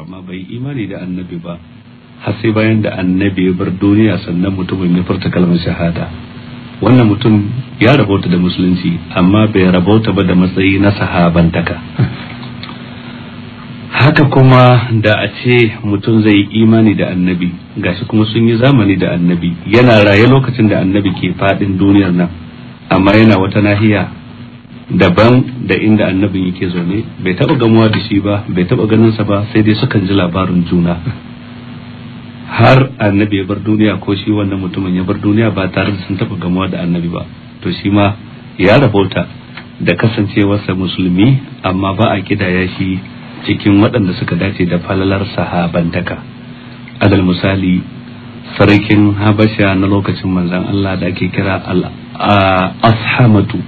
amma bai imani da annabi ba har sai bayan da annabi ya bar duniya sannan mutumin ya furta kalmar shahada wannan mutum ya rabauta da musulunci amma bai rabauta ba da matsayi na sahabantaka haka kuma da a ce mutum zai yi imani da annabi gashi kuma sun yi zamani da annabi yana raye lokacin da annabi ke fadin duniyar nan amma yana wata nahiya daban da inda annabin yake zaune bai taba gamuwa da shi ba bai taba ganin sa ba sai dai sukan ji labarin juna har annabi ya bar duniya ko shi wannan mutumin ya bar duniya ba tare da sun taba gamuwa da annabi ba to shi ma ya rabauta da kasancewarsa musulmi amma ba a kidaya shi cikin waɗanda suka dace da falalar sahabantaka alal misali sarkin habasha na lokacin manzon Allah da ake kira al-ashamatu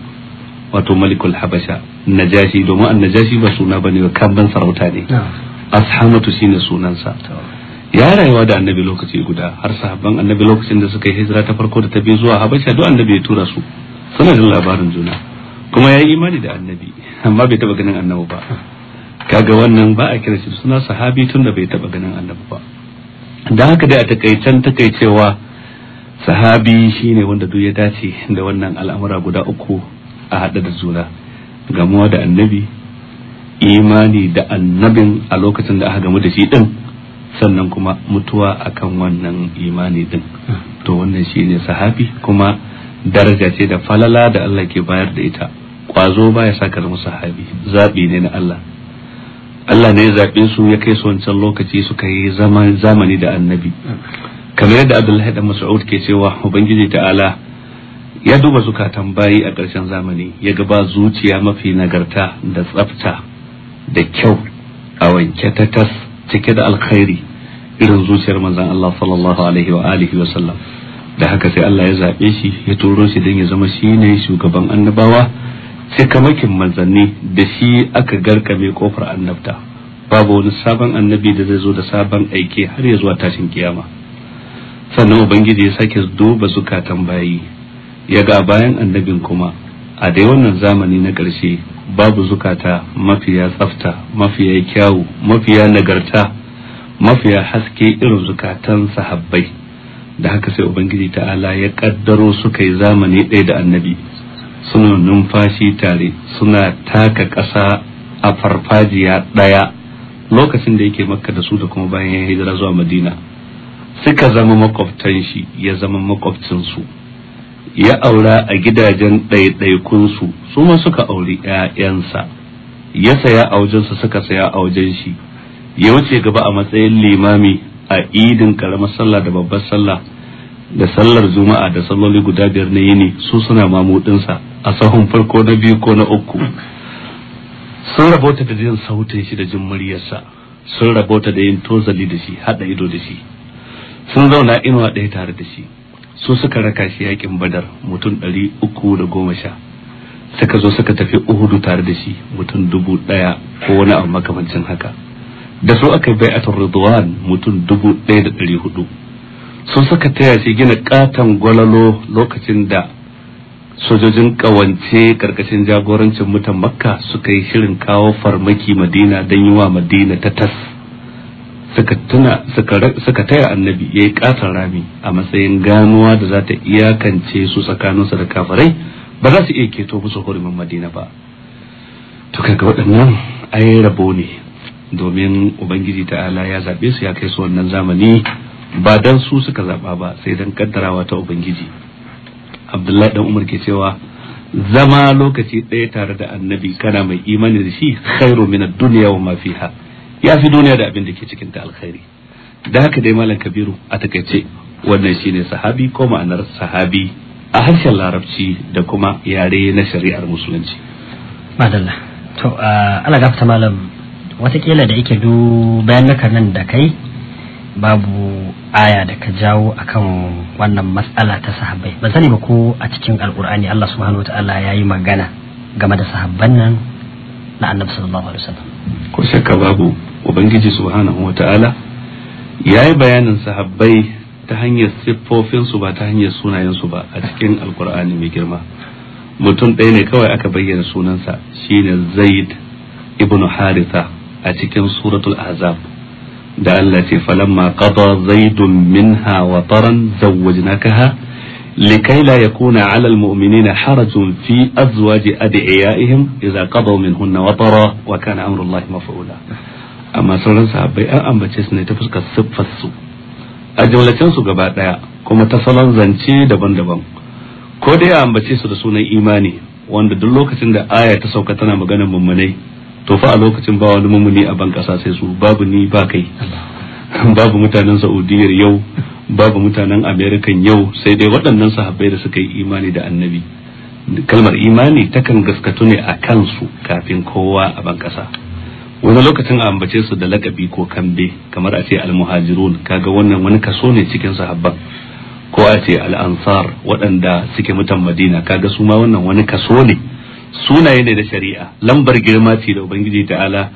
wato malikul habasha najashi domin Najashi ba suna bane ba kamban sarauta ne ashamatu shine sunansa ya rayuwa da annabi lokaci guda har sahabban annabi lokacin da suka yi hijira ta farko da ta biyu zuwa habasha duk annabi ya tura su suna da labarin juna kuma ya yi imani da annabi amma bai taba ganin annabi ba kaga wannan ba a kira shi suna sahabi tun da bai taba ganin annabi ba dan haka dai a takaicen takaicewa sahabi shine wanda duk ya dace da wannan al'amura guda uku a haɗe da juna gamuwa da annabi imani da annabin a lokacin da aka gamu da shi din sannan kuma mutuwa akan wannan imani din to wannan shi ne sahabi kuma daraja ce da falala da Allah ke bayar da ita kwazo baya sa saka zama sahabi zaɓi ne na Allah Allah ne ya su ya kai su wancan lokaci suka yi zamani da annabi kamar yadda Abdullahi da Mas'ud ke cewa ubangiji ta'ala ya duba zukatan bayi a ƙarshen zamani ya gaba zuciya mafi nagarta da tsafta da kyau a wanke ta tas cike da alkhairi irin zuciyar manzan Allah sallallahu alaihi wa alihi wa sallam da haka sai Allah ya zaɓe shi ya turo shi don ya zama shi ne shugaban annabawa cikamakin manzanni da shi aka garkame kofar annabta babu wani sabon annabi da zai zo da sabon aiki har ya zuwa tashin kiyama sannan ubangiji ya sake duba zukatan bayi ya ga bayan annabin kuma a dai wannan zamani na ƙarshe babu zukata mafiya tsafta mafiya kyawu mafiya nagarta mafiya haske irin zukatan sahabbai da haka sai ubangiji ta'ala ya kaddaro su kai zamani ɗaya da annabi suna numfashi tare suna taka ƙasa a farfajiya ɗaya lokacin da yake makka da su da kuma bayan ya hijira zuwa madina suka zama makwabtan shi ya zama makwabcinsu su ya aura a gidajen ɗaiɗaikunsu su ma suka auri ‘ya'yansa ya saya a wajensu suka saya a wajen shi ya wuce gaba a matsayin limami a idin karamar sallah da babbar sallah da sallar juma'a da salloli guda biyar na yini su suna mamudinsa a sahun farko na biyu ko na uku sun rabota da jin sautin shi da jin muryarsa sun rabota da yin tozali da shi hada ido da shi sun zauna inuwa ɗaya tare da shi su suka raka shi yakin badar mutum ɗari uku da goma sha suka zo suka tafi uhudu tare da shi mutum dubu ɗaya ko wani abu makamancin haka da su aka bai atar ridwan mutum dubu ɗaya da ɗari hudu su suka taya shi gina katon gwalalo lokacin da sojojin kawance karkashin jagorancin mutan makka suka yi shirin kawo farmaki madina don yi wa madina ta tas suka tuna suka taya annabi yayi katon rami a matsayin ganuwa da za ta iyakance su tsakaninsu da kafirai ba za su iya keto musu hurumin madina ba to kaga waɗannan ai rabo ne domin ubangiji ta'ala ya zaɓe su ya kai su wannan zamani ba dan su suka zaɓa ba sai dan ƙaddarawa ta ubangiji abdullahi dan umar ke cewa zama lokaci ɗaya tare da annabi kana mai imani da shi khairu min ad-dunya wa ma fiha ya fi duniya da abin da ke cikin alkhairi da haka dai malam kabiru a takaice wannan shine sahabi ko ma'anar sahabi a harshen larabci da kuma yare na shari'ar musulunci madalla to ana gafta malam watakila da yake du bayan naka nan da kai babu aya da ka jawo akan wannan matsala ta sahabbai ban sani ba ko a cikin alkur'ani Allah subhanahu wataala ya yi magana game da sahabban nan na annabi sallallahu alaihi wasallam ko shakka babu ubangiji subhanahu wataala ya yi bayanin sahabbai ta hanyar siffofinsu ba ta hanyar sunayensu ba a cikin alkur'ani mai girma mutum ɗaya ne kawai aka bayyana sunansa shine zaid ibn haritha a cikin suratul azab da Allah ce falamma qada zaidun minha wa taran zawwajnakaha لكي لا يكون على المؤمنين حرج في أزواج أدعيائهم إذا قضوا منهن وطرا وكان أمر الله مفعولا amma sauran sahabbai an ambace su ne ta fuskar siffar su a jumlacen su gaba daya kuma ta salon zance daban-daban ko dai a ambace su da sunan imani wanda duk lokacin da aya ta sauka tana magana mummunai to fa a lokacin ba wani mummuni a ban kasa sai su babu ni ba kai babu mutanen Saudiyyar yau babu mutanen Amerikan yau sai dai waɗannan sahabbai da suka yi imani da annabi kalmar imani takan gaskatu ne a kansu kafin kowa a ban kasa wani lokacin a ambace su da lakabi ko kambe kamar a ce almuhajirun kaga wannan wani kaso ne cikin sahabban ko a ce al'ansar waɗanda suke mutan madina kaga su ma wannan wani kaso ne sunaye ne da shari'a lambar girma ce da ubangiji ta'ala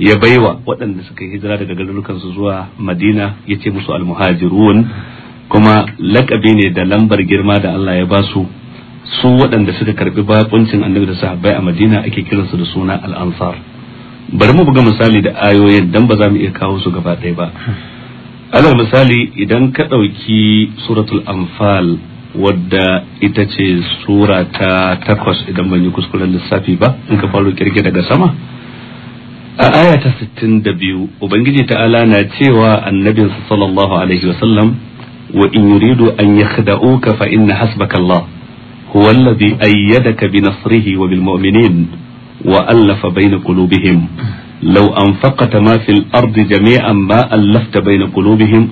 ya baiwa waɗanda suka hijira daga garurukansu zuwa madina ya ce musu almuhajirun kuma lakabi ne da lambar girma da allah ya ba su su waɗanda suka karbi baƙuncin annabi da sahabbai a madina ake kiransu da suna al'ansar bari mu buga misali da ayoyin dan ba za mu iya kawo su gaba ɗaya ba alal misali idan ka ɗauki suratul anfal wadda ita ce sura ta takwas idan ban yi kuskuren lissafi ba in ka faro kirge daga sama a aya ta 62 ubangiji ta'ala na cewa annabinsa sallallahu alaihi wasallam wa in yuridu an yakhda'uka fa inna hasbaka Allah huwa alladhi ayyadaka bi nasrihi wa bil mu'minin وألف بين قلوبهم لو أنفقت ما في الأرض جميعا ما ألفت بين قلوبهم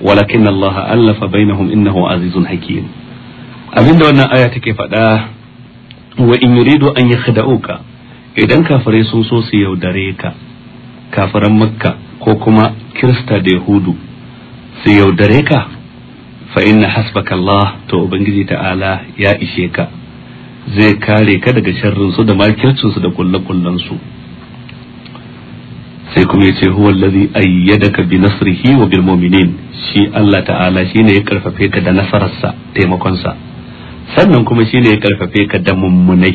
ولكن الله ألف بينهم إنه عزيز حكيم أبين دون آياتك فدا وإن يريدوا أن يخدعوك idan kafirai sun so su yaudare ka kafiran makka ko kuma kirista da yahudu su yaudare ka fa inna hasbaka Allah to ubangiji ta'ala ya ishe ka zai kare ka daga sharrin su da makircin su da kullakullan su sai kuma yace huwa allazi ayyadaka bi nasrihi wa bil mu'minin shi Allah ta'ala shine ya karfafe ka da nasararsa taimakon sa sannan kuma shine ya karfafe ka da mummunai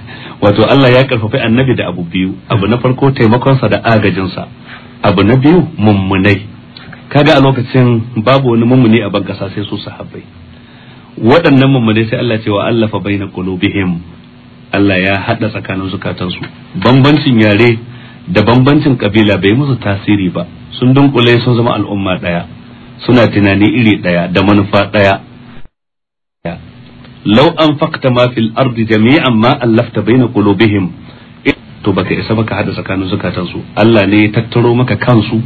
wato Allah ya karfafe annabi da abu biyu abu na farko taimakon sa da agajin sa abu na biyu mummunai kaga a lokacin babu wani mummuni a ban sai su sahabbai waɗannan mummune sai Allah wa allafa baina qulubihim Allah ya haɗa tsakanin zukatansu bambancin yare da bambancin kabila bai musu tasiri ba sun dunkule sun zama al'umma ɗaya suna tunani iri ɗaya da manufa ɗaya. law anfaqta ma fil ardi jami'an ma allafta baina qulubihim to baka isa baka hada tsakanin zukatansu Allah ne ya tattaro maka kansu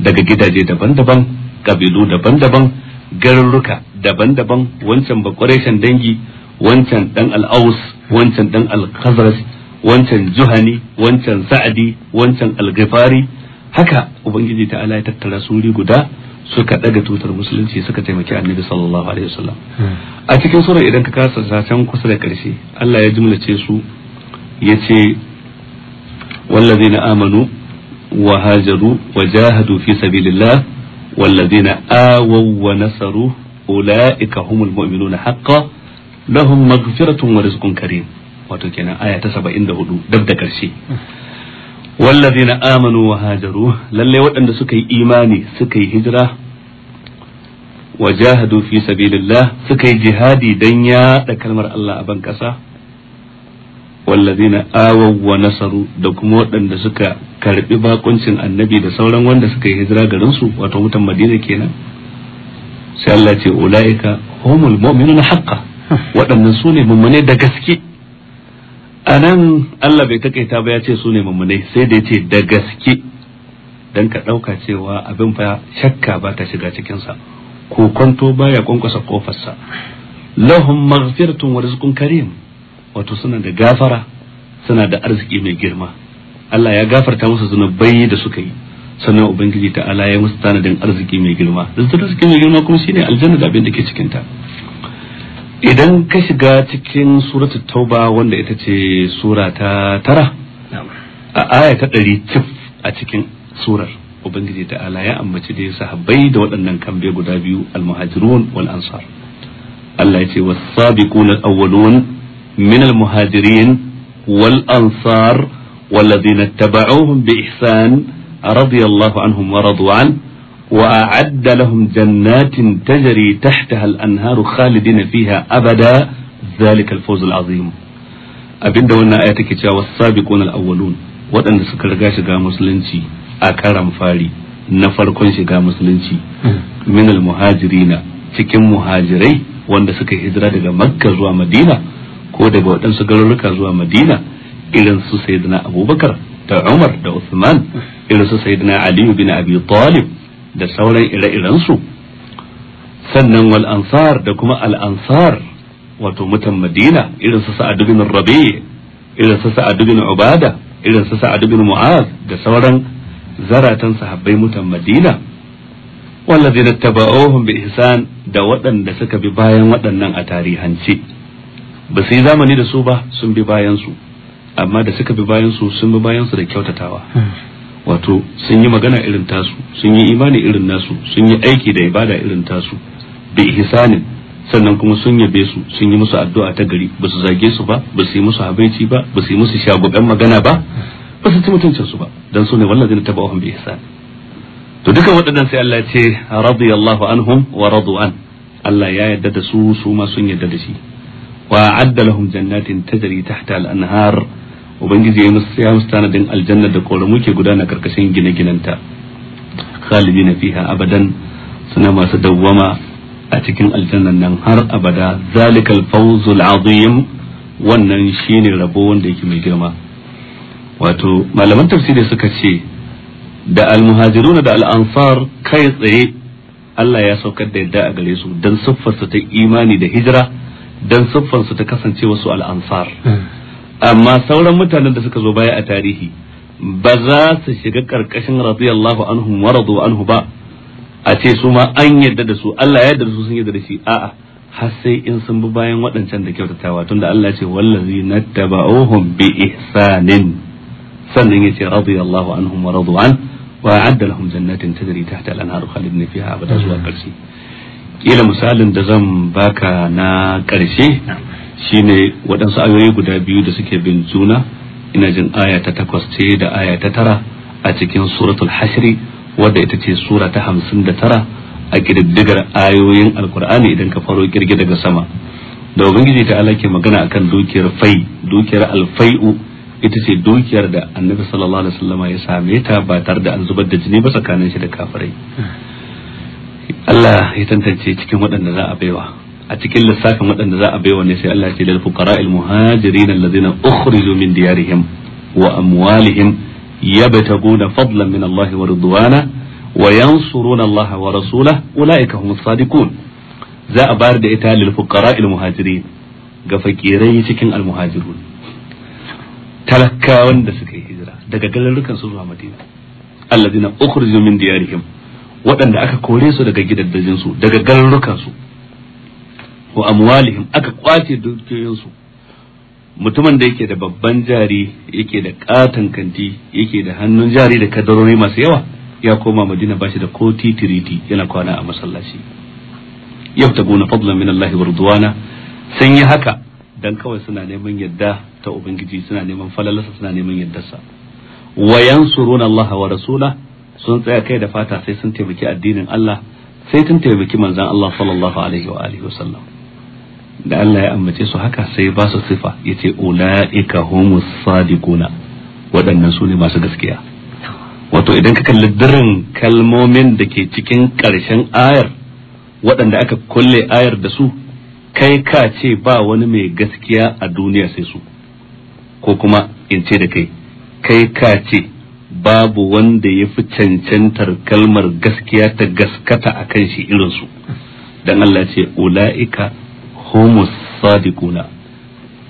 daga gidaje daban-daban kabilu daban-daban garurruka daban-daban wancan bakwareshen dangi wancan dan al'aus wancan dan al-khazraj wancan juhani wancan sa'adi wancan al-ghifari haka ubangiji ta ala ya tattara suri guda suka daga tutar musulunci suka taimaki annabi sallallahu alaihi wasallam hmm. a cikin sura idan ka kasa zaton kusa da karshe Allah ya jumlace su yace wallazina amanu wa hajaru wa jahadu fi sabilillah والذين آووا ونصروا أولئك هم المؤمنون حقا لهم مغفرة ورزق كريم وتكنا آية تسبع عند هدو دبدا كرشي والذين آمنوا وهاجروا للي ودن سكي إيماني سكي هجرة وجاهدوا في سبيل الله سكي جهادي دنيا لكلمة الله أبن كسا wallazina awaw wa nasaru da kuma waɗanda suka karbi bakuncin annabi da sauran wanda suka yi hijira garin su wato mutan Madina kenan sai Allah ce ulaika humul mu'minuna haqqan waɗannan su ne mummune da gaske anan Allah bai takaita ba ya ce su ne mummune sai da ya ce da gaske dan ka ɗauka cewa abin fa shakka ba ta shiga cikinsa ko kwanto baya kwankwasa kofarsa lahum maghfiratun wa rizqun karim wato suna da gafara suna da arziki mai girma Allah ya gafarta musu zunubai da suka yi sannan ubangiji ta ala ya musu tanadin arziki mai girma da arziki mai girma kuma shine aljanna da abin da ke cikin ta idan ka shiga cikin suratu tauba wanda ita ce sura ta tara a aya ta ɗari cif a cikin surar ubangiji ta ala ya ambaci da sahabbai da waɗannan kambe guda biyu almuhajirun wal ansar Allah ya ce was na awwalun من المهاجرين والأنصار والذين اتبعوهم بإحسان رضي الله عنهم ورضوا عنه وأعد لهم جنات تجري تحتها الأنهار خالدين فيها أبدا ذلك الفوز العظيم أبين دولنا آياتك والسابقون الأولون وطن سكر غاش غا مسلنشي أكرم فالي نفر كونش غا مسلنشي من المهاجرين تكم مهاجري وان سكر هجرات مكة زوا ko daga waɗansu garuruka zuwa madina irin su sayyidina abubakar da umar da usman irin su sayyidina aliyu bin abi talib da sauran ire-irensu sannan wal ansar da kuma al ansar wato mutan madina irin su sa'ad bin rabi irin su sa'ad bin ubada irin su sa'ad bin mu'az da sauran zaratan sahabbai mutan madina wallazina taba'uhum bi ihsan da waɗanda suka bi bayan waɗannan a tarihance ba su yi zamani da su ba sun bi bayansu amma da suka bi bayansu sun bi bayansu da kyautatawa hmm. wato sun yi magana irin tasu sun yi imani irin nasu sun yi aiki da ibada irin tasu bi ihsanin sannan kuma sun yabe su sun yi musu addu'a ta gari ba su zage su ba ba su yi musu habaici ba ba su yi musu shagugan magana ba ba su ci mutuncin su ba dan su ne ta tabauhum bi ihsan to dukan waɗannan sai Allah ya ce radiyallahu anhum wa radu an Allah ya yarda da su su ma sun yarda da shi wa adda lahum jannatin tajri tahta al-anhar ubangiji ya musu ya musu tanadin aljanna da koramu ke gudana karkashin gine ta khalidina fiha abadan suna masu dawwama a cikin aljannan nan har abada zalikal fawzul azim wannan shine rabo wanda yake mai girma wato malaman tafsiri suka ce da almuhajiruna da al'ansar kai tsaye Allah ya saukar da yadda a gare su don siffarsa ta imani da hijira don siffansu ta kasance wasu al'ansar hmm. amma sauran mutanen da suka zo baya a tarihi ba za su shiga karkashin radiyallahu anhum wa radu anhu ba a ce su ma an yadda da su Allah ya yarda su sun yarda da shi a'a har sai in sun bi bayan waɗancan da kyautatawa tunda Allah ce wallazi nattaba'uhum bi ihsanin sannan ce radiyallahu anhum wa radu an wa a'adda lahum jannatin tajri tahta al-anhar khalidina fiha abada zuwa ƙarshe kila misalin da zan baka na ƙarshe shine waɗansu ayoyi guda biyu da suke bin juna ina jin aya ta takwas ce da aya ta tara a cikin suratul hashri wadda ita ce sura ta hamsin da tara a ƙididdigar ayoyin alkur'ani idan ka faro kirgi daga sama da ubangiji ta ala ke magana akan dukiyar fai dukiyar alfai'u ita ce dukiyar da annabi sallallahu alaihi wasallama ya same ta ba tare da an zubar da jini ba tsakanin shi da kafirai Allah ya tantance cikin waɗanda za a baiwa a cikin lissafin waɗanda za a baiwa ne sai Allah ya ce lil fuqara'il muhajirin alladhina ukhriju min diyarihim wa amwalihim yabtaguna fadlan min Allah wa ridwana wa yansuruna Allah wa rasulahu ulaika humus sadiqun za a bayar da ita lil fuqara'il muhajirin ga fakirai cikin almuhajirun talakawan da suka yi hijira daga garurukan su zuwa Madina alladhina ukhriju min diyarihim waɗanda aka kore su daga gidaddajin su daga garurukan su wa amwalihim aka kwace dukiyoyin su mutumin da yake da babban jari yake da katon kanti yake da hannun jari da kadarori masu yawa ya koma madina bashi da ko titiriti yana kwana a masallaci yabtaguna fadlan min Allah wa ridwana sun yi haka dan kawai suna neman yadda ta ubangiji suna neman falalarsa suna neman yaddarsa wa yansuruna Allah wa rasula sun tsaya kai da fata sai sun taimaki addinin Allah sai sun taimaki manzan Allah sallallahu alaihi wa alihi wasallam da Allah ya ambace su haka sai ba su sifa yace ulaika humus sadiquna waɗannan su ne masu gaskiya wato idan ka kalli dirin kalmomin da ke cikin ƙarshen ayar waɗanda aka kulle ayar da su kai ka ce ba wani mai gaskiya a duniya sai su ko kuma in ce da kai kai ka ce babu wanda ya fi cancantar kalmar gaskiya ta gaskata a kan shi irinsu don Allah ce ula'ika homus sadiquna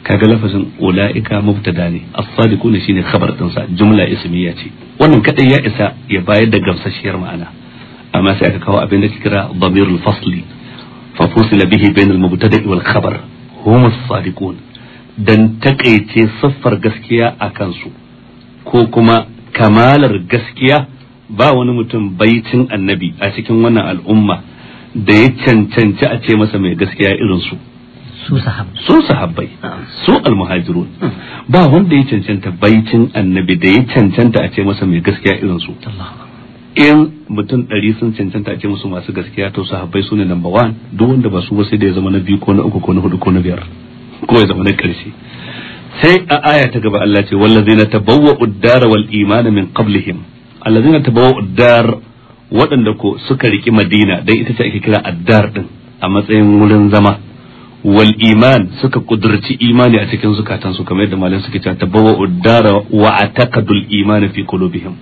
kaga lafazin ula'ika mubtada ne as-sadiquna shine khabar dinsa jumla ismiya ce wannan kadai ya isa ya bayar da gamsashiyar ma'ana amma sai aka kawo abin da ke kira damirul fasli fa fusila bihi bainal mubtada wal khabar humus sadiqun dan takaice siffar gaskiya a kansu ko kuma kamalar gaskiya ba wani mutum baitin annabi a cikin wannan al'umma da ya cancanci a ce masa mai gaskiya irin su su sahabbai su almuhajirun ah. ba wanda ya cancanta baitin annabi da ya cancanta a ce masa mai gaskiya irin su in mutum ɗari sun cancanta a ce musu masu gaskiya to sahabbai su ne number one duk wanda ba su ba sai da ya zama na biyu ko na uku ko na hudu ko na biyar ko ya zama na karshe. sai a aya ta gaba Allah ce wallazina tabawwa'u ad wal iman min qablihim allazina tabawwa'u ad-dar waɗanda ko suka riki Madina dan ita ce ake kira addar din a matsayin wurin zama wal iman suka kudurci imani a cikin zukatan su kamar yadda malam suke cewa tabawwa'u ad-dara wa ataqadul iman fi qulubihim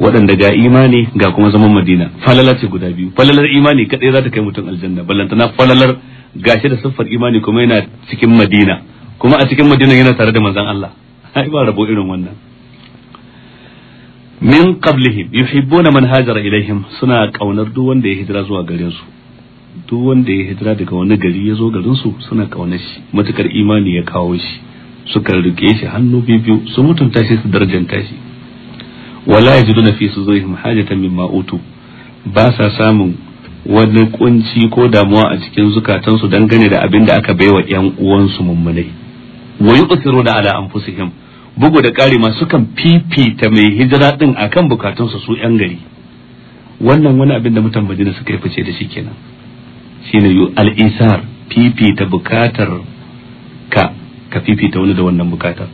waɗanda ga imani ga kuma zaman Madina falalar ce guda biyu falalar imani kadai za ta kai mutum aljanna ballantana falalar gashi da siffar imani kuma yana cikin Madina kuma a cikin madina yana tare da manzon Allah ai ba rabo irin wannan min qablihim yuhibbuna man hajara ilaihim suna kaunar duk wanda ya hijira zuwa garinsu. su duk wanda ya hijira daga wani gari ya zo garin su suna kaunar shi matukar imani ya kawo shi suka rike shi hannu biyu su mutunta shi su darajar shi wala yajiduna fi sudurihim hajatan mimma utu ba sa samun wani kunci ko damuwa a cikin zukatansu dangane da abin da aka baiwa 'yan uwansu mummunai usiru da ala anfusihim bugu da ƙari ma sukan fifita mai hijira din akan bukatunsu su yan gari wannan wani abin da mutan Madina suka yi fice da shi kenan shine yu al-isar fifita bukatar ka ka fifita wani da wannan bukatar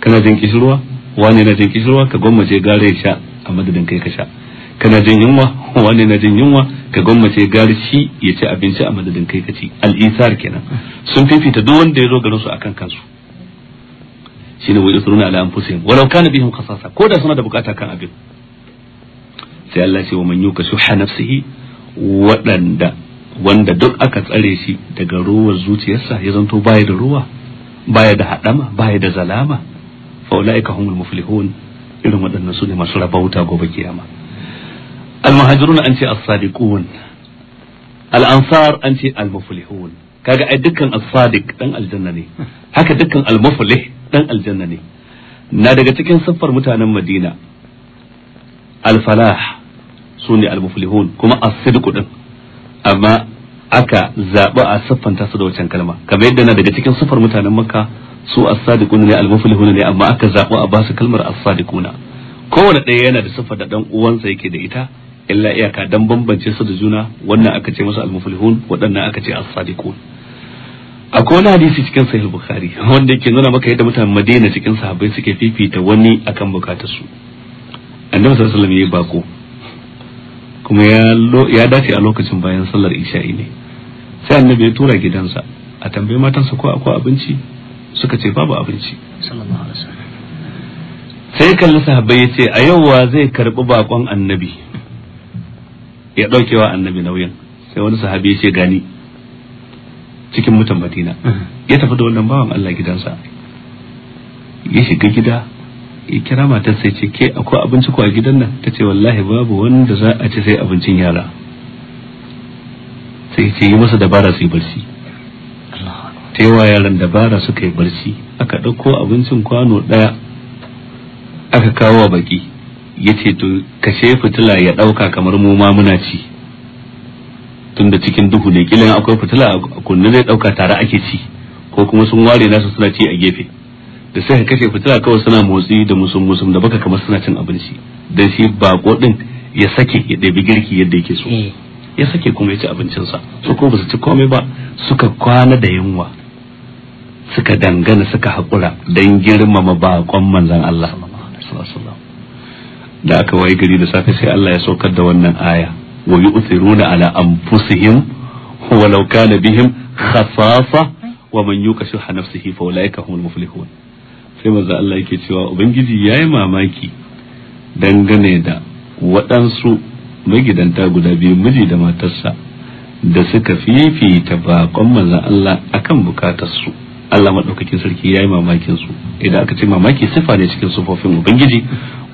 kana jin kishirwa wani na jin kishirwa ka gwammace gare sha a madadin kai ka sha kana jin yunwa wani na jin yunwa ka gwammace gare shi ya ci abinci a madadin kai ka ci al-isar kenan sun fifita duk wanda ya zo garin su akan kansu shine wa yusruna ala anfusihim walau kana bihim khasasa ko da suna da bukata kan abin sai Allah ce wa man yuka shuha nafsihi waɗanda wanda duk aka tsare shi daga ruwa zuciyarsa ya zanto baya da ruwa baya da hadama baya da zalama fa ulaika humul muflihun irin waɗannan su ne masu rabauta gobe kiyama al-muhajirun an ce as-sadiqun al-ansar an ce al-muflihun kaga ai dukkan as-sadiq dan aljanna ne haka dukkan al-muflih dan aljanna ne na daga cikin siffar mutanen Madina al-falah sune al-muflihun kuma as-sidq din amma aka zaba a siffanta su da wancan kalma kamar yadda na daga cikin siffar mutanen makka su as sadiqun ne al muflihun ne amma aka zaba a basu kalmar as-sadiquna kowanne ɗaya yana da siffar da dan uwansa yake da ita illa iyaka dan bambance su da juna wannan aka ce masa al-muflihun waɗannan aka ce as-sadiqun akwai wani hadisi cikin sahih bukhari wanda yake nuna maka yadda mutanen madina cikin sahabbai suke fifita wani akan su. annabi sallallahu alaihi wasallam ya bako kuma ya dace a lokacin bayan sallar isha'i ne sai annabi ya tura gidansa a tambayi matansa ko akwai abinci suka ce babu abinci sai kalli sahabbai ya ce a yau wa zai karbi bakon annabi ya ɗauke wa annabi nauyin sai wani sahabi ya ce gani cikin mutan madina ya tafi da wannan bawan Allah gidansa ya shiga gida ya kira matar sai ce ke akwai abinci ko a gidan nan ta ce wallahi babu wanda za a ci sai abincin yara sai ce yi masa dabara su yi barci ta yawa yaran dabara suka yi barci aka ɗauko abincin kwano ɗaya aka kawo baki ya ce to kashe fitila ya ɗauka kamar mu ma muna ci tunda cikin duhu ne kila akwai fitila a kunne zai ɗauka tare ake ci ko kuma sun ware nasu suna ci a gefe da sai kashe fitila kawai suna motsi da musum musum da baka kamar suna cin abinci dan shi bako din ya sake ya ɗabi girki yadda yake so eh. ya sake kuma ya ci abincinsa su ko ba su ci komai ba suka kwana da yunwa suka dangana suka haƙura don girmama baƙon manzan Allah da aka wayi gari da safe sai Allah ya saukar da wannan aya wa yu'thiruna ala anfusihim walauka kana bihim khasafa wa man yuka shuha nafsihi fa ulaika humul muflihun sai manzo Allah yake cewa ubangiji yayi mamaki dangane da waɗansu magidanta guda biyu miji da matarsa da suka fifita baƙon manzo Allah akan bukatarsu su Allah madaukakin sarki yayi mamakin su idan aka ce mamaki sifa ne cikin sufofin ubangiji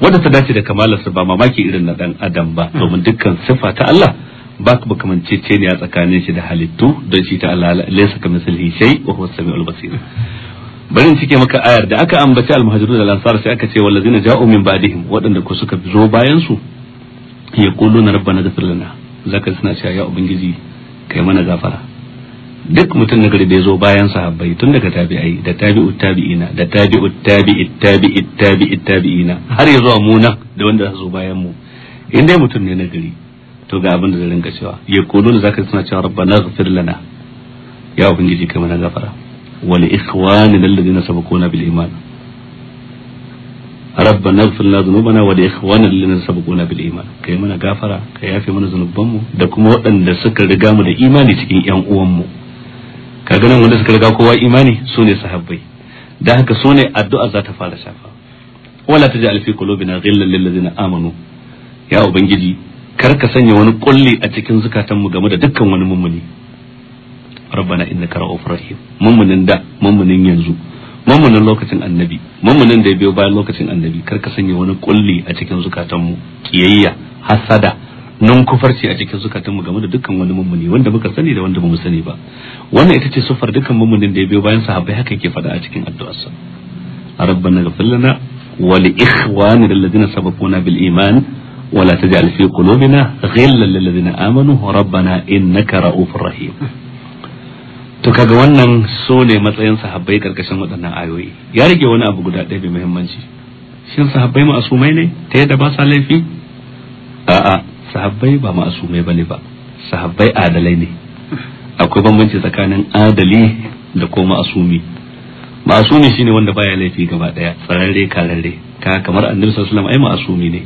wanda ta dace da kamalarsa ba mamaki irin na dan adam ba hmm. domin dukkan sifa ta Allah ba ku ce ne a tsakanin shi da halittu don shi ta Allah laysa kamithlihi shay wa huwa samiul basir barin cike maka ayar da aka ambaci almuhajirun da ansar sai aka ce wallazina ja'u min ba'dihim waɗanda ku suka zo bayan su yaquluna rabbana ghfir lana zaka suna cewa ya ubangiji kai mana gafara duk mutum na gari da zo bayan sahabbai tun daga tabi'ai da tabi'u tabi'ina da tabi'u tabi'i tabi'i tabi'i tabi'ina har ya zuwa mu nan da wanda za zo bayan mu in dai mutum ne na gari to ga abin da zai rinka cewa ya kolo da zaka suna cewa rabbana ghfir lana ya ubangiji kai mana gafara wal ikhwani alladhina sabaquna bil iman ربنا اغفر لنا ذنوبنا ولاخواننا الذين سبقونا بالايمان kai mana gafara ka yafe mana zanubanmu da kuma waɗanda suka riga mu da imani cikin yan uwanmu kaga nan wanda suka riga kowa imani su ne sahabbai da haka su ne addu'a za ta fara shafa wala ta taj'al fi qulubina ghillan lil ladina amanu ya ubangiji kar ka sanya wani kulli a cikin zukatanmu game da dukkan wani mummuni rabbana innaka ra'ufur rahim mummunin da mummunin yanzu mummunin lokacin annabi mummunin da ya biyo bayan lokacin annabi kar ka sanya wani kulli a cikin zukatanmu kiyayya hasada nun kufarci a cikin zukatanmu game da dukkan wani mummuni wanda muka sani da wanda bamu sani ba wannan ita ce sufar dukkan mummunin da ya biyo bayan sahabbai haka ke faɗa a cikin addu'arsa ربنا اغفر لنا ولإخواننا الذين سبقونا بالإيمان ولا تجعل في قلوبنا غلا للذين آمنوا ربنا إنك رؤوف رحيم Tuka ga wannan so ne matsayin sahabbai karkashin waɗannan ayoyi ya rage wani abu guda ɗaya mai muhimmanci shin sahabbai ma'asumai ne ta yadda ba sa laifi sahabbai ba ma'asumai bane ba sahabbai adalai ne akwai bambanci tsakanin adali da ko ma'asumi ma'asumi shine wanda baya laifi gaba daya tsararre kararre ka kamar annabi sallallahu alaihi wasallam ai ma'asumi ne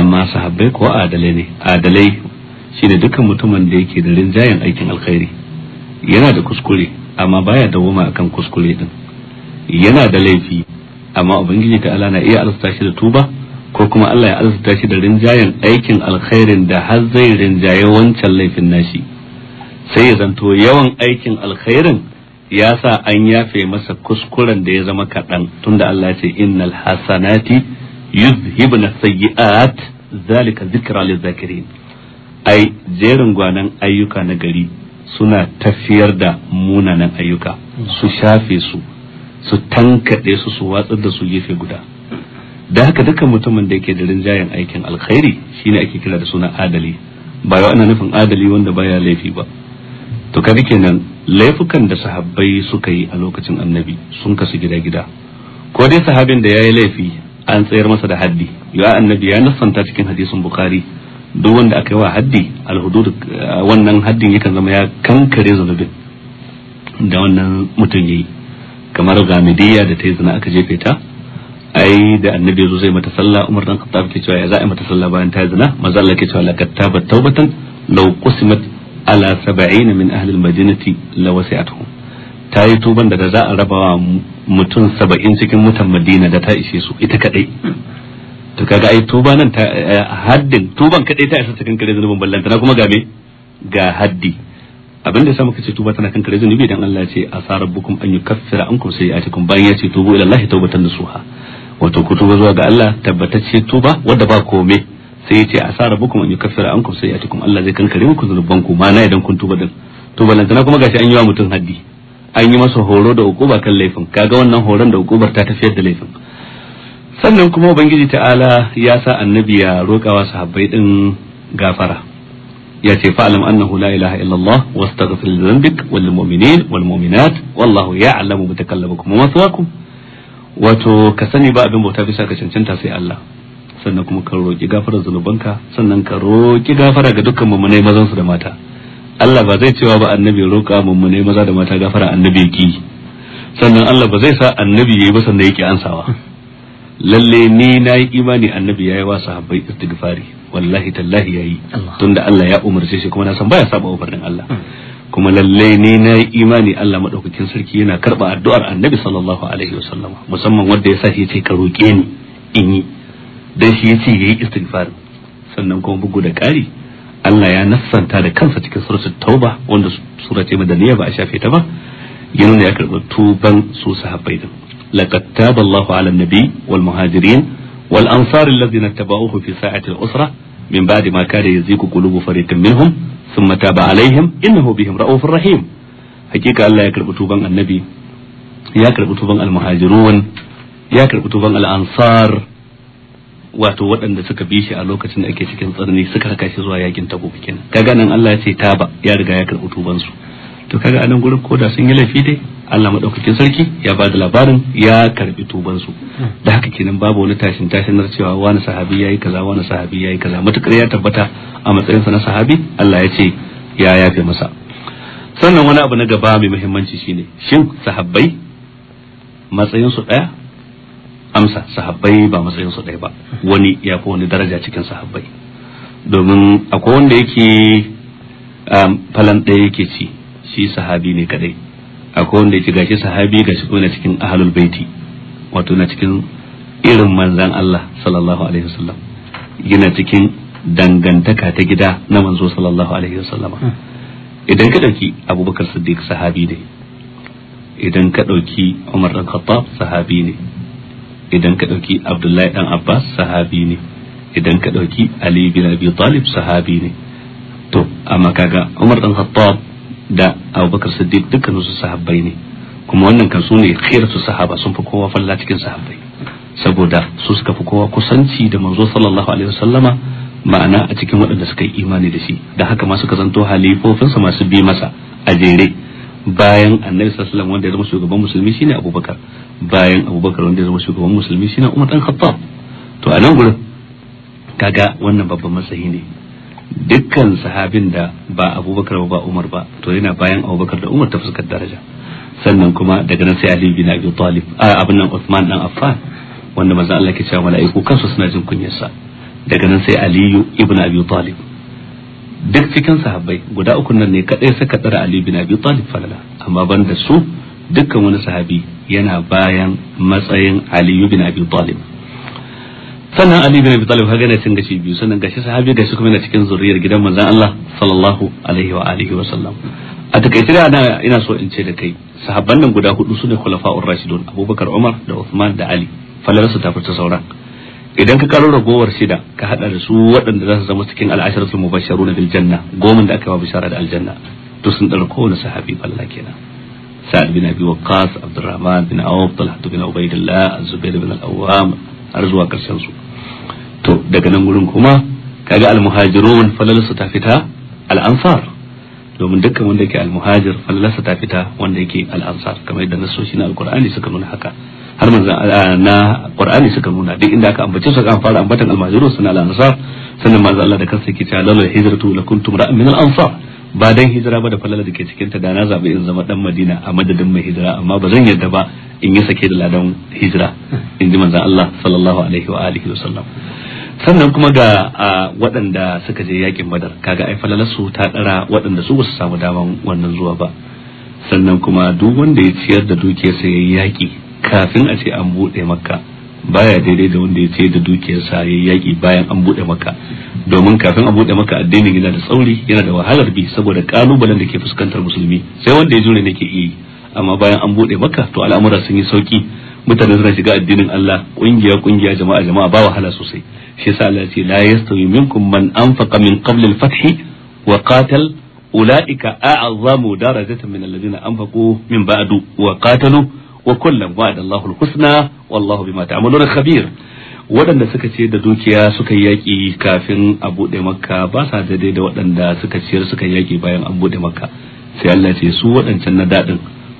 amma sahabbai ko adalai ne adalai shine dukkan mutumin da yake da rinjayen aikin alkhairi yana da kuskure amma baya dawoma akan kuskure din yana da laifi amma ubangiji ta ala na iya alsta shi da tuba ko kuma Allah ya azurta shi da rinjayen aikin alkhairin da har zai rinjaye wancan laifin nashi sai ya zanto yawan aikin alkhairin ya sa an yafe masa kuskuren da ya zama kaɗan tunda Allah ya ce innal hasanati yuzhibna sayyi'at zalika zikra lizakirin ai jerin gwanan ayyuka na gari suna tafiyar da munanan ayyuka su shafe su su tankaɗe su su watsar da su gefe guda da haka dukkan mutumin da yake da rinjayen aikin alkhairi shine ake kira da suna adali ba yau ana nufin adali wanda baya laifi ba to kaga kenan laifukan da sahabbai suka yi a lokacin annabi sun kasu gida-gida ko dai sahabin da ya yi laifi an tsayar masa da haddi yau annabi ya nasanta cikin hadisin bukhari duk wanda aka yi wa haddi alhudud wannan haddin yakan zama ya kankare zunubin da wannan mutum yayi kamar gamidiyya da ta yi zina aka jefe ta ai da annabi yazo zai mata sallah Umar dan Khattab ke cewa ya za'i mata sallah bayan ta zina manzo Allah ke cewa laqad tabat tawbatan law qusimat ala 70 min ahli al-madinati lawasi'atuhum ta yi tuban daga za a rabawa mutum saba'in cikin mutan madina da ta ishe su ita kadai to kaga ai tuba nan ta haddin tuban kadai ta isa cikin kare zanubin ballantana kuma ga me ga haddi abin sa muka ce tuba tana kan kare zanubi dan Allah ce asa rabbukum an yukaffira ankum sayi'atikum bayan ya ce tubu ila Allah tawbatan nasuha wato ku tuba zuwa ga Allah tabbatacce tuba wadda ba kome sai yace a asara bukum an yukaffira ankum sayi'atikum Allah zai kankare muku ku mana idan kun tuba din to balantana kuma gashi an yi wa mutum haddi an yi masa horo da ukuba kan laifin kaga wannan horon da ukubar ta tafiyar da laifin sannan kuma ubangiji ta'ala ya sa annabi ya rokawa sahabbai din gafara ya ce fa'alam annahu la ilaha illallah wastaghfir li dhanbik wal mu'minin wal mu'minat wallahu ya'lamu mutakallabakum wa maswaakum wato ka sani ba abin bauta bisa ka cancanta sai Allah sannan kuma ka roƙi gafarar zunubanka sannan ka roƙi gafara ga dukkan mummunai mazan su da mata Allah ba zai cewa ba annabi roƙa mummunai maza da mata gafara annabi ki sannan Allah ba zai sa annabi yayi ba sannan yake ansawa lalle ni na yi imani annabi yayi wa sahabbai istighfari wallahi tallahi yayi tunda Allah ya umarce shi kuma na san baya saba umarnin Allah hmm. kuma lalle ne na yi imani Allah madaukakin sarki yana karba addu'ar annabi sallallahu alaihi wasallam musamman wanda ya sa shi ce ka roƙe ni in yi dan shi yace yayi istighfar sannan kuma bugu da ƙari Allah ya nassanta da kansa cikin suratul tauba wanda sura ce madaniya ba a shafe ta ba ya nuna ya karɓi tuban su sahabbai din laqad taba Allahu ala nabi wal muhajirin wal ansar alladhina tabauhu fi sa'ati al-usra min ba'di ma kada yaziku qulubu fariqin minhum sun mata ba alaihim inna hu bihim ra'ufur rahim hakika Allah ya karbi tuban annabi ya karbi tuban almuhajirun ya karbi tuban al'ansar wato waɗanda suka bi shi a lokacin da ake cikin tsanani suka raka shi zuwa yakin tabuk kenan kaga nan Allah ya ce taba ya riga ya karbi tuban su to kaga anan gurin da sun yi laifi dai Allah madaukakin sarki ya ba da labarin ya karbi tuban su da haka kenan babu wani tashin tashin na cewa wani sahabi yayi kaza wani sahabi yayi kaza matukar ya tabbata a matsayin sa na sahabi Allah ya ce ya yafe masa sannan wani abu na gaba mai muhimmanci shine shin sahabbai matsayin su daya amsa sahabbai ba matsayin su daya ba wani ya fi wani daraja cikin sahabbai domin akwai wanda yake um, falan ɗaya yake ci shi sahabi ne kadai akwai wanda yake gashi sahabi gashi kuma na cikin ahlul baiti wato na cikin irin manzan Allah sallallahu alaihi wasallam yana cikin dangantaka ta gida na manzo sallallahu alaihi wasallama hmm. idan ka dauki Abubakar Siddiq sahabi ne idan ka dauki Umar dan Khattab sahabi ne idan ka dauki Abdullahi dan Abbas sahabi ne idan ka dauki Ali bin Abi Talib sahabi ne to amma kaga Umar dan Khattab da abubakar siddiq dukkanin su sahabbai ne kuma wannan kan su ne khairatu sahaba sun fi kowa falla cikin sahabbai saboda su suka fi kowa kusanci da manzo sallallahu alaihi wasallama ma'ana a cikin waɗanda suka yi imani da shi da haka ma suka zanto halifofinsa masu bi masa a jere bayan annabi sallallahu alaihi wanda ya zama shugaban musulmi shine abubakar bayan abubakar wanda ya zama shugaban musulmi shine umar dan khattab to a nan gurin kaga wannan babban masahi ne dukkan sahabin da ba abubakar ba umar ba to yana bayan abubakar da umar ta fuskar daraja sannan kuma daga nan sai ali bin abi talib abin nan usman dan affan wanda manzo Allah ke cewa mala'iku kansu suna jin kunyarsa daga nan sai aliyu ibn abi talib duk cikin sahabbai guda uku nan ne kadai suka tsara ali bin abi talib falala amma ban da su dukkan wani sahabi yana bayan matsayin aliyu bin abi talib sannan Ali bin Abi Talib ka yana cin gashi biyu sannan gashi sahabi gashi kuma yana cikin zuriyar gidan manzon Allah sallallahu alaihi wa alihi wa sallam a takaice da ana ina so in ce da kai sahabban nan guda hudu sune khulafa'ur rashidun Abubakar Umar da Uthman da Ali falalarsu ta sauran idan ka karo ragowar shida ka hada da su waɗanda za su zama cikin al'asharatul mubashsharuna bil janna goma da aka ba bishara da aljanna to sun dar kowane sahabi falla kenan sa'ad bin abi waqqas abdurrahman bin awf talha bin ubaidillah az-zubair bin al-awwam har zuwa karshen su to daga nan gurin kuma kaga almuhajirun falalarsa ta fita al-ansar domin dukkan wanda yake almuhajir falalarsa ta fita wanda yake al-ansar kamar yadda nasoshi na alqur'ani suka nuna haka har manzan na qur'ani suka nuna duk inda aka ambace su kan fara ambatan almajirun suna al-ansar sannan manzo Allah da kansa yake cewa hijira hijratu lakuntum ra'an min al'ansar. ansar ba dan hijira ba da falala da ke cikin ta da na zabi in zama dan Madina a madadin mai hijira amma ba zan yadda ba in yi sake da ladan hijira in ji manzon Allah sallallahu alaihi wa alihi wasallam sannan kuma ga waɗanda suka je yakin badar kaga ai su ta ɗara waɗanda su basu samu daman wannan zuwa ba sannan kuma duk wanda ya ciyar da dukiyarsa ya yi yaƙi kafin a ce an buɗe makka baya daidai da wanda ya ce da dukiyar sa ya yaki bayan an bude maka domin kafin an bude maka addinin yana da tsauri yana da wahalar bi saboda kalubalen da ke fuskantar musulmi sai wanda ya jure ne ke iya amma bayan an bude maka to al'amura sun yi sauki mutane suna shiga addinin Allah kungiya kungiya jama'a jama'a ba wahala sosai shi yasa Allah ce la yastawi minkum man anfaqa min qabl al-fath wa qatal ulaika a'azzamu darajatan min alladhina anfaqu min ba'du wa qatalu wa kullum wa'ada Allahul husna wallahu bima ta'maluna waɗanda suka ce da dukiya suka yi yaƙi kafin a buɗe makka ba sa daidai da waɗanda suka ciyar suka yi yaƙi bayan an buɗe makka sai Allah ce su waɗancan na daɗin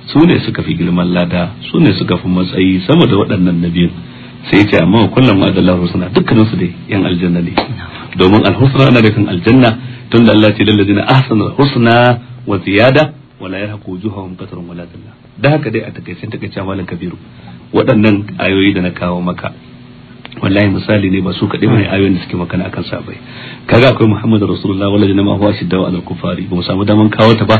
su ne suka fi girman lada su ne suka fi matsayi sama da waɗannan na biyun sai ce amma kullum wa'adallahu husna dukkanin su dai yan aljanna ne domin alhusna na da kan aljanna tunda Allah ce dallazina ahsana husna wa ziyada wala yarhaqu wujuhahum qatrun wala dhilla da haka dai a takaicin takaicin malam kabiru waɗannan ayoyi da na kawo maka wallahi misali ne ba su kaɗai mai ayoyin da suke magana akan sabai kaga akwai muhammadu rasulullah wala jana ma huwa wa al kufari ba mu samu daman kawo ta ba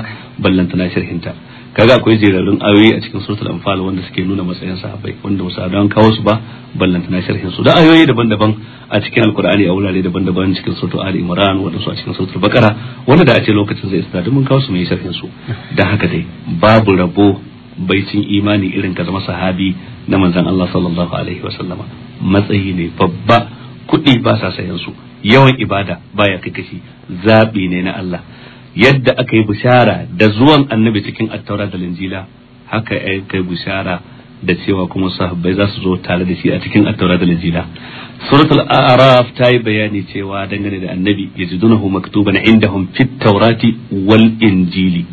ballantana sharhinta kaga akwai jerarun ayoyi a cikin suratul anfal wanda suke nuna matsayin sahabbai wanda musa adon kawo su ba ballantana sharhin su da ayoyi daban-daban a cikin alkur'ani a wurare daban-daban cikin suratul ali imran su a cikin suratul bakara wanda da a ce lokacin zai isa da mun kawo su mai sharhin su da haka dai babu rabo baicin imani irin ka zama sahabi na manzon Allah sallallahu alaihi wa sallama matsayi ne babba kuɗi ba sa sayan su yawan ibada baya kai kashi zabi ne na Allah yadda aka yi bishara da zuwan annabi cikin attaura da linjila haka aka yi bishara da cewa kuma sahabbai za su zo tare da shi a cikin attaura da linjila suratul a'raf ta yi bayani cewa dangane da annabi yajidunahu maktuban indahum fit tawrati wal injili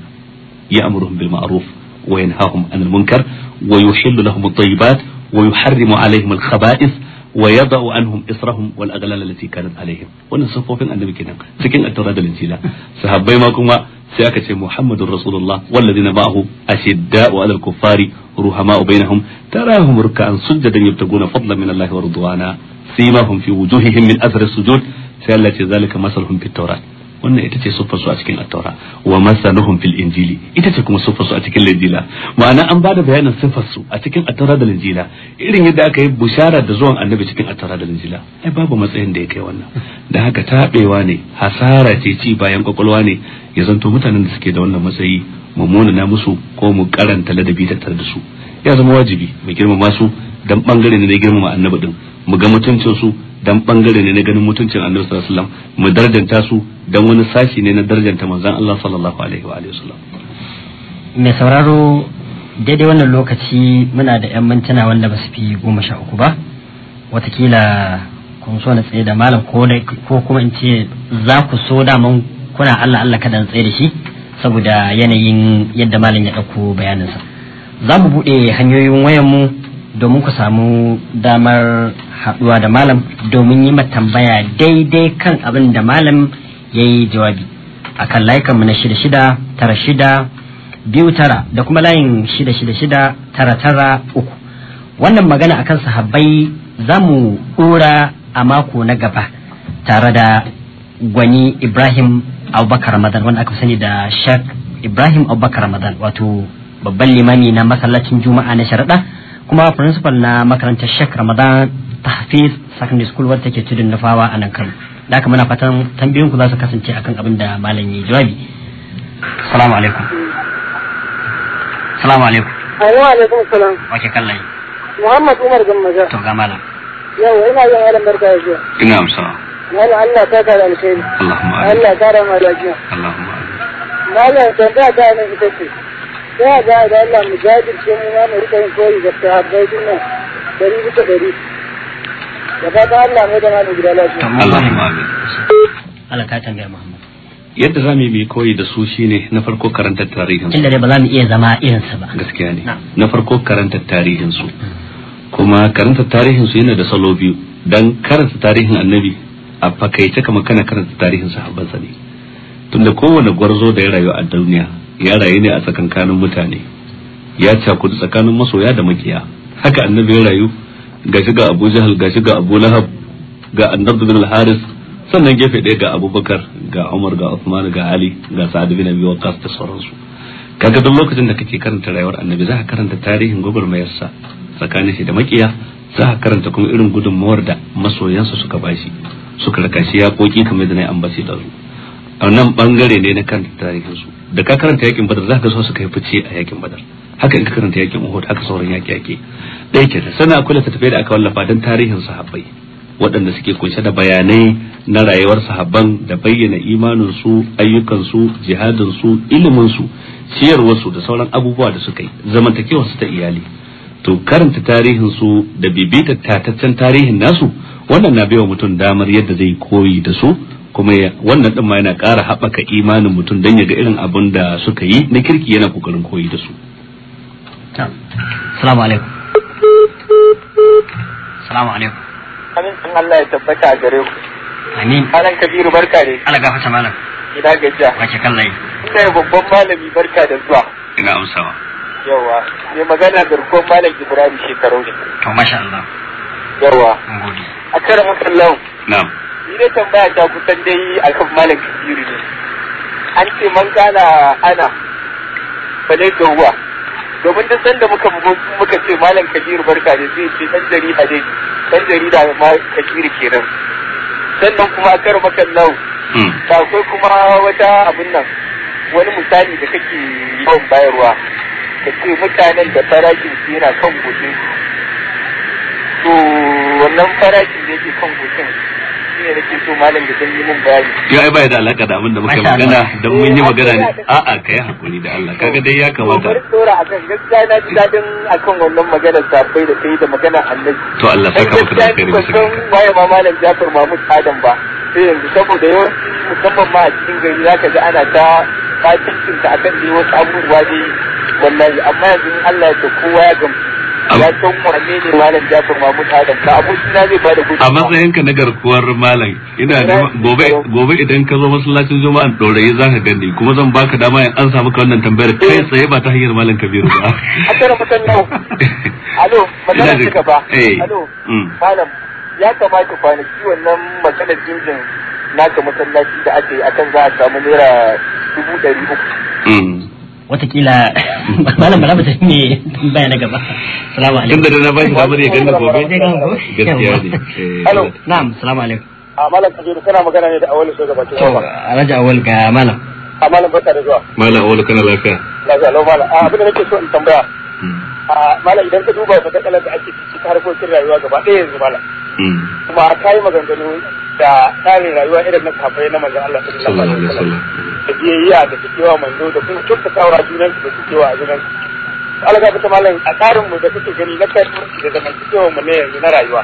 ya'muruhum bil ma'ruf wa yanhahum anil munkar wa yuhillu lahum at-tayyibat wa yuharrimu alaihim al-khaba'ith wa an anhum israhum wal aghlal allati kanat alaihim wannan sufofin annabi kenan cikin at da injila sahabbai ma kuma sai aka ce muhammadur rasulullah walladina ma'ahu ashidda'u 'alal kuffari ruhama'u bainahum tarahum ruk'an sujadan yabtaguna fadlan min allahi wa ridwana simahum fi wujuhihim min athari sujud sai Allah ce zalika masalhum fit tawrat wannan ita ce siffar su a cikin attaura wa masaluhum fil injili ita ce kuma siffar su a cikin linjila ma'ana an bada bayanin siffar su a cikin attaura da linjila irin yadda aka yi bushara da zuwan annabi cikin attaura da linjila ai babu matsayin da ya kai wannan da haka taɓewa ne hasara ce ci bayan kwakwalwa ne ya zanto mutanen da suke da wannan matsayi mu na musu ko mu karanta ladabi tare da su ya zama wajibi mu girmama su dan bangare ne na girmama annabi din mu ga mutuncin su dan bangare ne na ganin mutuncin annabi sallallahu alaihi wasallam mu darjanta su dan wani sashi ne na darjanta manzon Allah sallallahu alaihi wa alihi wasallam mai sauraro daidai wannan lokaci muna da yan mintuna wanda ba su fi goma sha uku ba watakila kun so na tsaye da malam ko kuma in ce za ku so daman kuna Allah Allah kada na tsaye da shi saboda yanayin yadda malam ya ɗauko bayaninsa. za mu buɗe hanyoyin wayanmu domin ku samu damar haɗuwa da malam domin yi tambaya daidai kan abin da malam ya yi jawabi a kan layukanmu na shida shida tara shida biyu tara da kuma layin shida shida shida tara tara uku wannan magana akan sahabbai za mu ɗora a mako na gaba tare da gwani ibrahim abubakar ramadan wanda aka sani da shak ibrahim abubakar ramadan wato babban limami na masallacin juma'a na sharaɗa kuma principal na makarantar shek ramadan tahfiz secondary school wadda take tudun nufawa a nan kano da haka muna fatan tambayoyin ku za su kasance akan abin da malam ya jawabi assalamu alaikum assalamu alaikum wa alaikum salam wake kallai muhammad umar gammaja to ga malam yau ina yin alam barka da jiya ina amsa wani allah ta da alkhairi allahumma allah ta da lafiya allahumma malam tambaya ta nan ita ce ya ga da Allah mu jajirce mu ma mu rika yin koyi da sahabbai din nan dari bisa dari da fata Allah mai da mu gida lafiya Allahumma amin Allah ka tambaya Muhammad yadda za mu yi koyi da su shine na farko karanta tarihin su inda ba za mu iya zama irin su ba gaskiya ne na farko karanta tarihin su hmm. kuma karanta tarihin su yana da salo biyu dan karanta tarihin annabi a fakaice kamar kana karanta tarihin sahabbansa ne tunda kowane gwarzo da ya rayu a duniya ya rayu ne a tsakankanin mutane ya cakudu tsakanin masoya da makiya haka annabi ya rayu ga ga Abu Jahal ga ga Abu Lahab ga Annabi bin Al-Haris sannan gefe ɗaya ga Abubakar ga Umar ga Usman ga Ali ga Sa'ad bin Abi Waqqas da sauransu kaga duk lokacin da kake karanta rayuwar annabi za ka karanta tarihin gwagwarmayarsa tsakanin shi da makiya za ka karanta kuma irin gudunmawar da masoyansa suka bashi suka raka shi ya koki kamar da na ambaci da su a nan bangare ne na karanta tarihinsu. da ka karanta yakin badar zaka so su kai fice a yakin badar haka in ka karanta yakin uhud haka sauran yaki yaki ɗaya kenan akwai littattafai da aka wallafa don tarihin sahabbai waɗanda suke kunshe da bayanai na rayuwar sahabban da bayyana imanin su ayyukan su jihadin su ilimin su ciyarwar su da sauran abubuwa da suka yi zamantakewar su ta iyali to karanta tarihin su da bibita tataccen tarihin nasu wannan na baiwa mutum damar yadda zai koyi da su kuma wannan din ma yana ƙara haɓaka imanin mutum don ya ga irin abin da suka yi na kirki yana kokarin koyi da su salamu alaikum salamu alaikum amin san Allah ya tabbata a gare ku amin malam kabiru barka ne Allah gafarta malam ina gajiya wace kan kallaye kai babban malami barka da zuwa ina amsawa yawa ne magana garkuwar malam ibrahim shekaru ne to masha Allah yawa a karamin na'am ni ne tambaya ta kusan dai kan malam kabiru ne an ce man gana ana falai ruwa domin duk sanda muka muka ce malam kabiru barka ne zai ce dan jarida ne dan jarida ma kabiru kenan sannan kuma a karo makan nau ta hmm. akwai kuma wata abin nan wani misali da kake yawan bayarwa ka ce mutanen da farashin su yana kan gobe to wannan farashin da yake kan gobe ne nake so malam da dan yi mun bayani ya ai bai da alaka da abin da muka magana don mun yi magana ne a a kai hakuri da Allah kaga dai ya kamata bari tsora akan gaskiya na ji dadin akan wannan magana sabai da kai da magana annabi to Allah saka maka da kai bisa kan waye ma malam Jafar Mahmud Adam ba sai yanzu saboda yau musamman ma a cikin gari zaka ga ana ta fatincin ta akan dai wasu abubuwa dai wallahi amma yanzu Allah ya ta kowa ya gamsu ne malam Adam a matsayin ka na garkuwar malam ina gobe gobe idan ka zo masallacin juma'an za zaka gani kuma zan baka dama in an samu ka wannan tambayar eh. kai tsaye ba ta hanyar malam Kabiru ba a tsara fatan nau alo magana ta ba eh. alo mm. malam ya kamata kwanaki wannan matsalar jinjin naka masallaci da ake akan za a samu naira dubu ɗari uku mm. watakila malam bala mutum ne baya na gaba salamu alaikum tunda da na bashi damar ya ganna gobe gaskiya ne eh. hello na'am salamu alaikum a malam kabiru kana magana ne da awali so gaba to alhaji awal ga malam a malam barka da zuwa malam awal kana lafiya lafiya lau malam a ah, abin da nake so in tambaya hmm. a ah, malam idan ka duba matakalar da ake ciki ta harkokin rayuwa gaba ɗaya yanzu malam hmm. kuma ka yi maganganu da tsarin rayuwa irin na sahabbai na manzon Allah sallallahu alaihi wasallam da ke yi a da cikewa manzo da kuma tsawara junan su da cikewa junan su Allah ga fita malam a tsarin mu da kake gani na kai da zamantakewa mu ne yanzu na rayuwa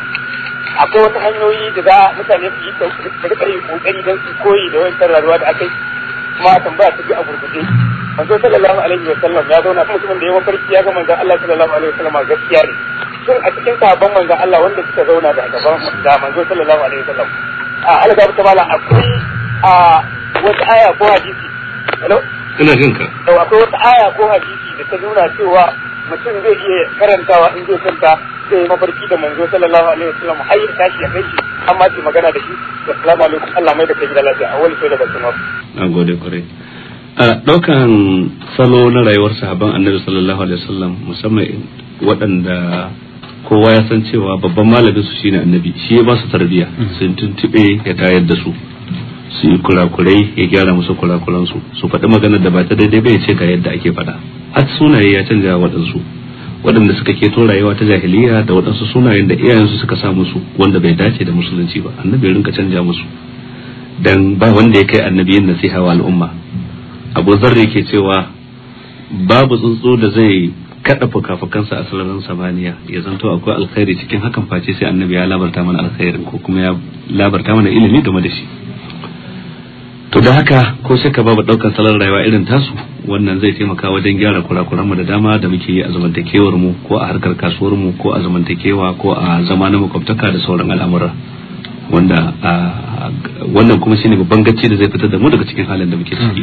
akwai wata hanyoyi da za mutane su yi su rika yin kokari don su koyi da wancan rayuwa da aka yi kuma a tambaya ta ji a gurguje manzo sallallahu alaihi wasallam ya zauna kuma mutumin da ya mafarki ya ga manzon Allah sallallahu alaihi wasallam gaskiya ne sun a cikin sahabban manzon Allah wanda suka zauna da gaban da manzo sallallahu alaihi wasallam a alaga ta malam akwai a wata aya ko hadisi hello ina jin ka akwai wata aya ko hadisi da ta nuna cewa mutum zai iya karantawa in zai kanta zai mafarki da manzo sallallahu alaihi wasallam har ya tashi ya kai shi amma ce magana da shi assalamu alaikum Allah mai da kai da lafiya awwal sai da bakin wasu gode kwarai a daukan salo na rayuwar sahaban annabi sallallahu alaihi wasallam musamman waɗanda kowa ya san cewa babban malamin su shine annabi shi ya ba su tarbiyya mm. sun tuntube ya tayar da su su yi kurakurai ya gyara musu kurakuran su su faɗi magana da ba ta daidai ba ya ce ga yadda ake faɗa har sunaye ya canja waɗansu waɗanda suka keto rayuwa ta jahiliya da waɗansu sunayen da iyayensu suka sa musu wanda bai dace da musulunci ba annabi ya rinka canja musu dan ba wanda ya kai annabi yin nasiha wa al'umma abu zarri ke cewa babu tsuntsu da zai kada fukafukansa a sararin samaniya ya zanto akwai alkhairi cikin hakan face sai annabi ya labarta mana alkhairin ko kuma ya labarta mana ilimi game da shi to da haka ko ba babu daukan salon rayuwa irin tasu wannan zai taimaka wajen gyara kurakuran mu da dama da muke yi a zamantakewar mu ko a harkar kasuwar mu ko a zamantakewa ko a zama na makwabtaka da sauran al'amura wanda wannan kuma shine babban gacce da zai fitar da mu daga cikin halin da muke ciki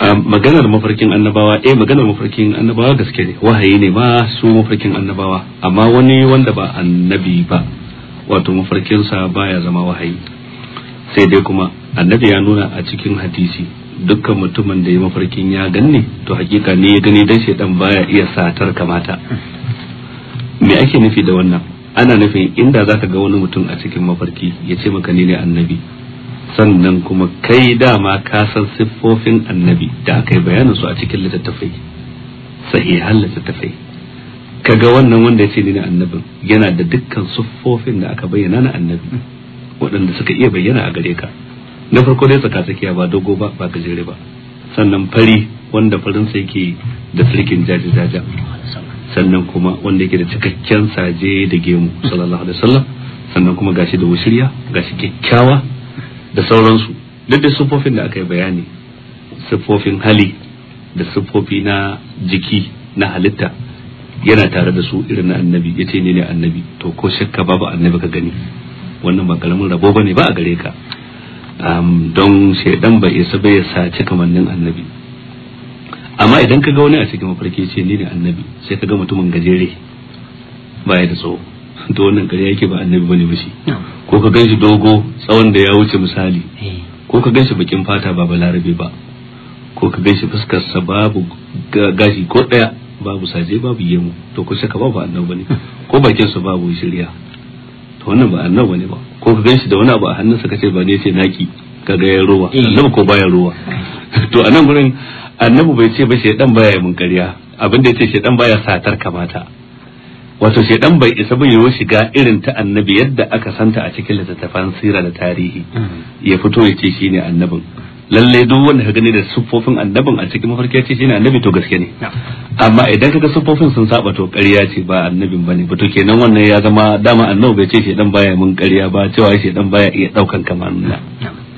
maganar mafarkin annabawa eh maganar mafarkin annabawa gaske ne wahayi ne ma su mafarkin annabawa amma wani wanda ba annabi ba wato mafarkinsa baya zama wahayi sai dai kuma annabi ya nuna a cikin hadisi dukkan mutumin da ya mafarkin ya ganne to hakika ne ya gani dan shedan baya iya satar kamata me ake nufi da wannan ana nufin inda zaka ga wani mutum a cikin mafarki ya ce maka ni ne annabi sannan kuma kai dama ka san siffofin annabi da aka bayanin su a cikin littattafai sahihan littattafai kaga wannan wanda ya ce ni annabin yana da dukkan siffofin da aka bayyana na annabi waɗanda suka iya bayyana a gare ka na farko dai tsaka tsakiya ba dogo ba ba gajere ba sannan fari wanda farin sa yake da sirkin jaji jaja sannan kuma wanda yake da cikakken saje da gemu sallallahu alaihi wasallam sannan kuma gashi da wushirya gashi kyakkyawa da sauransu duk da siffofin da aka yi bayani siffofin hali da siffofi na jiki na halitta yana tare da su irin na annabi ya ce ne ne annabi to ko shakka babu annabi ka gani wannan ba karamin rabo ba ne ba a gare ka don shaidan ba isa bai saci kamannin annabi amma idan ka ga wani a cikin mafarki ce ni ne annabi sai ka ga mutumin gajere baya da tsawo to wannan ƙarya yake ba annabi bane ba shi ko ka ganshi dogo tsawon da ya wuce misali eh. ko ka ganshi bakin fata ba balarabe ba ko ka ganshi fuskar sa babu gashi ko daya babu saje babu yemu to ko shaka babu annabi bane hmm. ko bakin sa babu shirya to wannan ba annabi bane ba ko ka ganshi da wani abu a hannunsa kace ba ne ce naki kaga ya ruwa eh. annabi ko baya ruwa to anan gurin annabi bai ce ba shi dan baya mun ƙarya abinda yace dan baya satar kamata wato shedan bai isa ba shiga irin ta annabi yadda aka santa a cikin littattafan sira da tarihi mm. ya fito ya ce shine annabin lalle duk wanda ka gani da siffofin annabin a cikin mafarki ya ce shine annabi to gaske ne amma idan kaga siffofin sun saba to ƙarya ce ba annabin bane ba to kenan wannan ya zama dama annabi bai ce shedan baya mun ƙarya ba cewa shedan baya iya daukan kamar nuna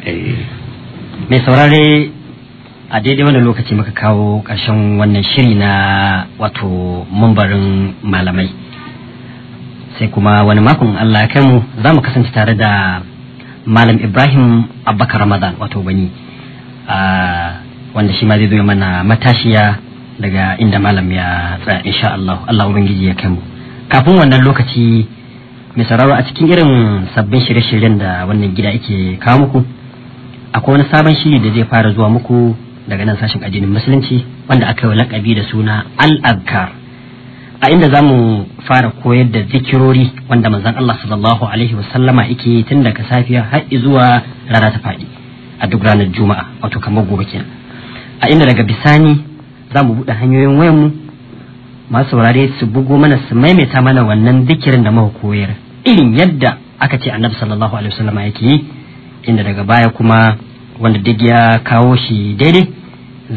eh. mai saurare a daidai wannan lokaci muka kawo ƙarshen wannan shiri na wato mambarin malamai sai kuma wani makon Allah ya kai mu za mu kasance tare da malam ibrahim abubakar ramadan wato bani wanda shi ma zai zo mana matashiya daga inda malam ya tsaya insha Allah Allah ubangiji ya kai mu kafin wannan lokaci mai sauraro a cikin irin sabbin shirye-shiryen da wannan gida yake kawo muku akwai wani sabon shiri da zai fara zuwa muku daga nan sashen addinin musulunci wanda aka yi lakabi da suna al-azkar a inda za mu fara koyar da zikirori wanda manzon Allah sallallahu alaihi wasallama yake tun daga safiya har zuwa rana ta faɗi a duk ranar juma'a wato kamar gobe kenan a inda daga bisani za mu buɗe hanyoyin wayan mu masu saurare su bugo mana su maimaita mana wannan zikirin da muka koyar irin yadda aka ce annabi sallallahu alaihi wasallama yake yi inda daga baya kuma wanda duk ya kawo shi daidai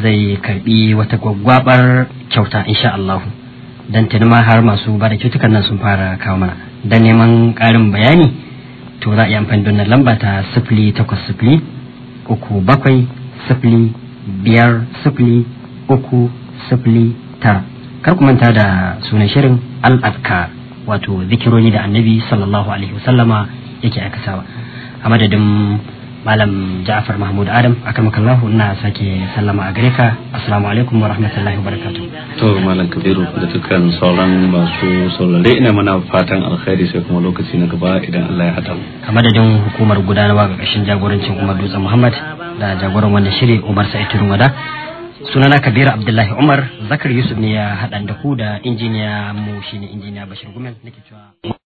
zai karbi wata gwaggwabar kyauta insha Allah don tunima har masu bada da cutukan nan sun fara kawo mana don neman karin bayani to za a iya amfani don lamba ta sifili takwas sifili uku bakwai sifili biyar sifili uku sifili tara kar ku manta da sunan shirin al'adka wato zikironi da annabi sallallahu alaihi wasallama yake aikatawa a madadin malam ja'far mahmud adam makallahu ina sake sallama a gare ka assalamu alaikum wa rahmatullahi wa barakatuh to malam kabiru da dukkan sauran masu saurare ina mana fatan alkhairi sai kuma lokaci na gaba idan Allah ya hada mu da madadin hukumar gudanarwa ga kashin jagorancin Umar Dutsen Muhammad da jagoran wannan shiri Umar Sa'id wada sunana Kabiru Abdullahi Umar Zakar Yusuf ne ya hadan da ku da injiniya mu shine injiniya Bashir Gumel nake cewa